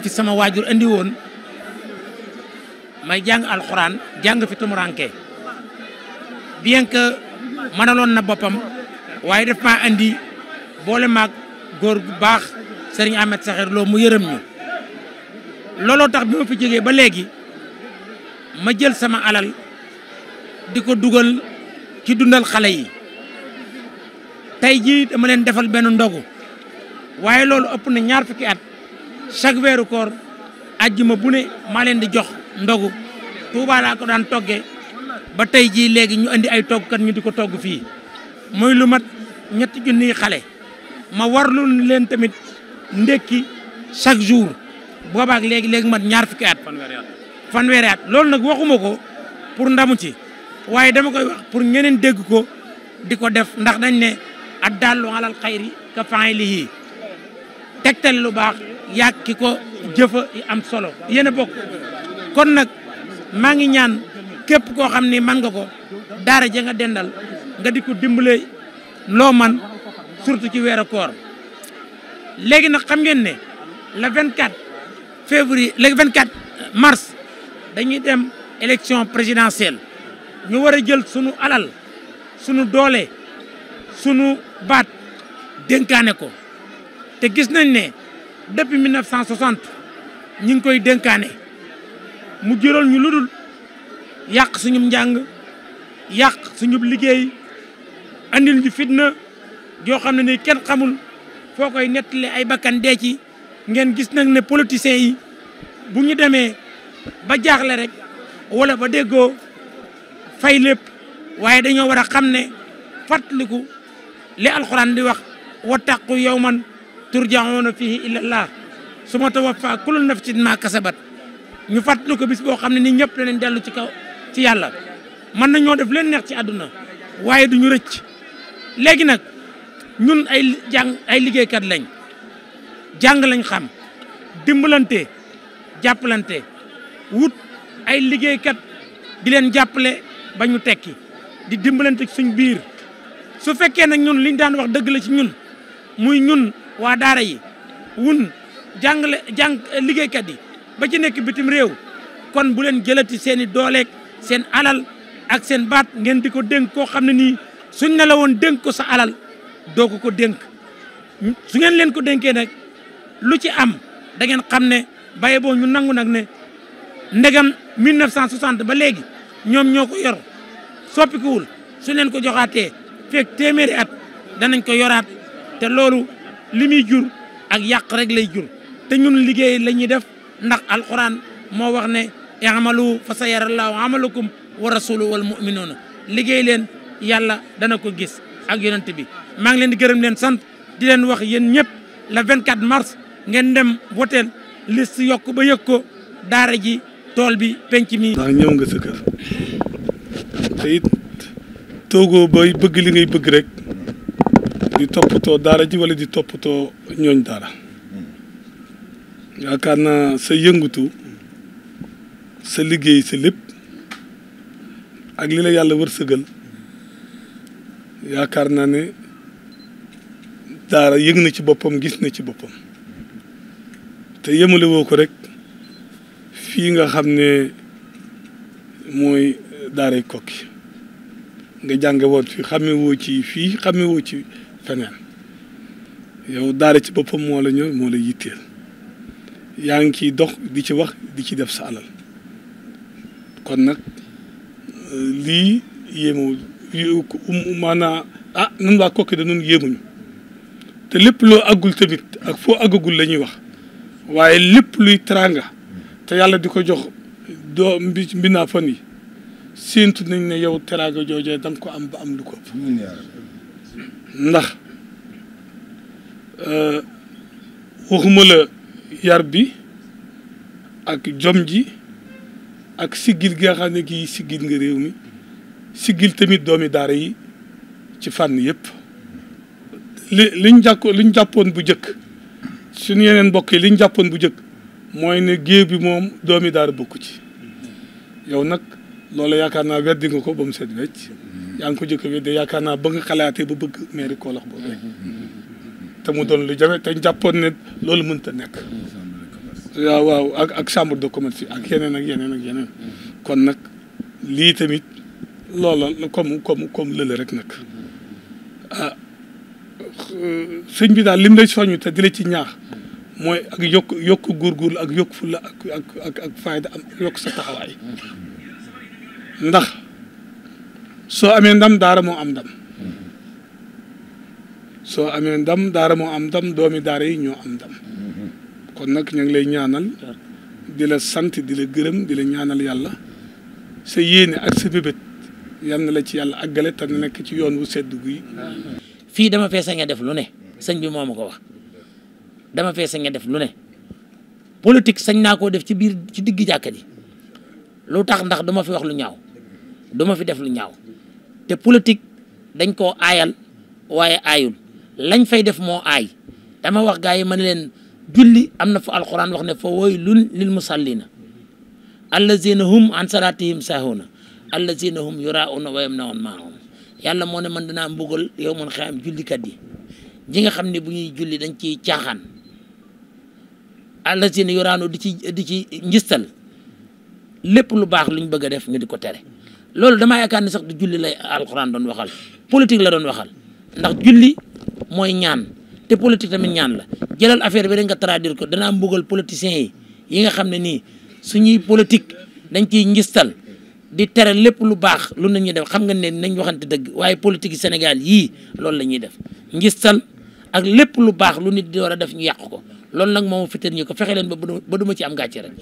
fi sama waajur andi woon may jàng alxuraan jàng fi tumuranke bien que mënaloon na boppam waaye daf maa andi boole maag góor bu baax Serigne Ahmed Sakhir Lo mu yërëm ñu looloo tax bi ma fi jógee ba léegi ma jël sama alal di ko dugal ci dundal xale yi tey jii dama leen defal benn ndogu waaye loolu ëpp na ñaar fukki at chaque weeru koor ajjuma bu ne maa leen di jox ndogu Touba laa ko daan toggee ba tey jii léegi ñu andi ay toggkat ñu di ko togg fii muy lu mat ñetti junniy xale ma war lu leen tamit ndekki chaque jour boobaak léegi léegi mat ñaar fukki at fanweeri at loolu nag waxuma ko pour ndamu ci waaye dama koy wax pour ñeneen dégg ko di ko def ndax dañ ne ad daallu alal xayri ka faa'ilihi tegtale lu baax yàgg ki ko jëfa am solo yéen bokk kon nag maa ngi ñaan képp koo xam ni man nga ko daara ja nga dendal nga di ko dimbale loo man surtout ci weeru koor léegi nag xam ngeen ne le 24 février le 24 mars dañuy dem élection présidentielle ñu war a jël sunu alal sunu doole sunu baat dénkaane ko te gis nañ ne depuis 1960 ñu ngi koy dënkaane mu jural ñu lu dul yàq suñu njàng yàq suñu liggéey andil ñu fitna joo xam ne ni kenn xamul foo koy nettali ay bakkan dee ci ngeen gis nag ne politiciens yi bu ñu demee ba jaaxle rek wala ba déggoo fay lépp waaye dañoo war a xam ne fàttaliku li alxuraan di wax wattaqu yawman turjaxoona fihi illallah su ma tawaffa kullu nafsin ma kasabat ñu fàttali ko bis boo xam ne ni ñëpp danañ dellu ci kaw ci yàlla mën nañoo def leen neex ci àdduna waaye duñu rëcc léegi nag ñun ay jàng ay liggéeykat lañ jàng lañ xam dimbalante jàppalante wut ay liggéeykat di leen jàppale ba ñu tekki di dimbalante suñ biir su fekkee nag ñun liñ daan wax dëgg la ci ñun muy ñun waa daara yi wun jàngale jàng liggéeykat yi ba ci nekk bitim réew kon bu leen jëlati seen i dooleeg seen alal ak seen baat ngeen di ko dénk koo xam ne nii suñ ne la woon dénk ko sa alal doo ko ko dénk su ngeen leen ko dénkee nag lu ci am da ngeen xam ne baye boo ñu nangu nag ne ndegam 1960 ba léegi ñoom ñoo ko yor soppikuwul su leen ko joxaatee feeg téeméeri at danañ ko yoraat te loolu li muy jur ak yàq rek lay jur te ñun liggéey la ñuy def ndax alxuraan moo wax ne i'malu fa sayarallahu amalakum wa rasulu wal mu'minuuna liggéey leen yàlla dana ko gis ak yonent bi maa ngi leen di gërëm leen sant di leen wax yéen ñëpp le 24 mars ngeen dem woteel si yokk ba yëg ko daara ji tool bi penc mi ndax ñëw nga sa kër te it toogoo bay bëgg li ngay bëgg rek di toppatoo daara ji walla di toppatoo ñooñ daara yaakaar naa sa yëngatu sa liggéey sa lépp ak li la yàlla wërsëgal yaakaar naa ni daara yëg na ci boppam gis na ci boppam te yemale woo ko rek fii nga xam ne mooy daaray Koki nga jànge woon fi xamewoo ci fii xamewoo ci feneen yow daara ci boppam moo la ñëw moo la yitteel yaa ngi ciy dox di ci wax di ci def sa alal kon nag lii yéemawul um, maanaa ah nun waa kokki da nun yéemuñu te lépp loo àggul tamit ak foo àggagul la ñuy wax waaye lépp luy teraanga te yàlla di ko jox doo mbi mbinaa fan yi séentu nañ ne yow teraanga joojee dang ko am ba am lu ko ndax euh, waxuma la yar bi ak jom ji ak siggil gi nga xam ne kii siggil nga réew mi siggil tamit doomi daara yi ci fànn yëpp li liñ jàkko liñ jàppoon bu jëkk suñu yeneen mbokk yi liñ jàppoon bu jëkk mooy ne géew bi moom doomi daara bokku ci yow nag loolu yaakaar naa weddi nga ko ba mu set wecc yaa ko jëkk bi de yaakaar naa ba nga xalaatee ba bëgg mairie Kaolack boobu rek te mu doon lu jafe te jàppoon ne loolu mënut a nekk waaw waaw ak ak chambre de ak yeneen ak yeneen kon nag lii tamit loola comme comme comme rek nag ah sëñ bi daal lim lay soñu te di ci ñaax mooy ak yokk yokk góorgóorlu ak yokk fulla ak ak ak ak fayda yokk sa taxawaay ndax soo amee ndam daara moo am ndam soo amee ndam daara moo am ndam doomi daara yi ñoo am ndam kon nag ñu ngi lay ñaanal di la sant di la gërëm di la ñaanal yàlla sa yéene ak sa bébét yal na la ci yàlla àggale te nekk ci yoon wu sedd guy. fii dama fee sañ a def lu ne sëñ bi moo ma ko wax dama fee sañ a def lu ne politique sañ naa koo def ci biir ci digg jàkka ji lu tax ndax duma fi wax lu ñaaw duma fi def lu ñaaw. te politique dañ ko aayal waaye aayul lañ fay def moo aay dama wax gaa yi ma leen julli am na fa alquran wax ne fa waylun lil musallina allazina hum an salatihim sahuna allazina hum yurauna wa yamnaun maahum yàlla moo ne man dinaa mbugal yow man xëy am jullikat yi ñi nga xam ne bu julli dañ ciy caaxaan allazina yuraanu di ci di ci njistal lépp lu baax luñ bëgg a def nga di ko tere loolu damaa yaakaar ne sax du julli lay alxuraan doon waxal politique la doon waxal ndax julli mooy ñaan te politique tamit ñaan la jëlal affaire bi rek nga traduire ko danaa mbugal politiciens yi yi nga xam ne nii suñuy politique dañ ciy ngistal di tere lépp lu baax lu nañuy def xam nga ne nañ waxante dëgg waaye politique Sénégal yii loolu la ñuy def ngistal ak lépp lu baax lu nit di war a def ñu yàq ko loolu nag moom fitar ñi ko fexe leen ba ba du ma ci am gàcce rek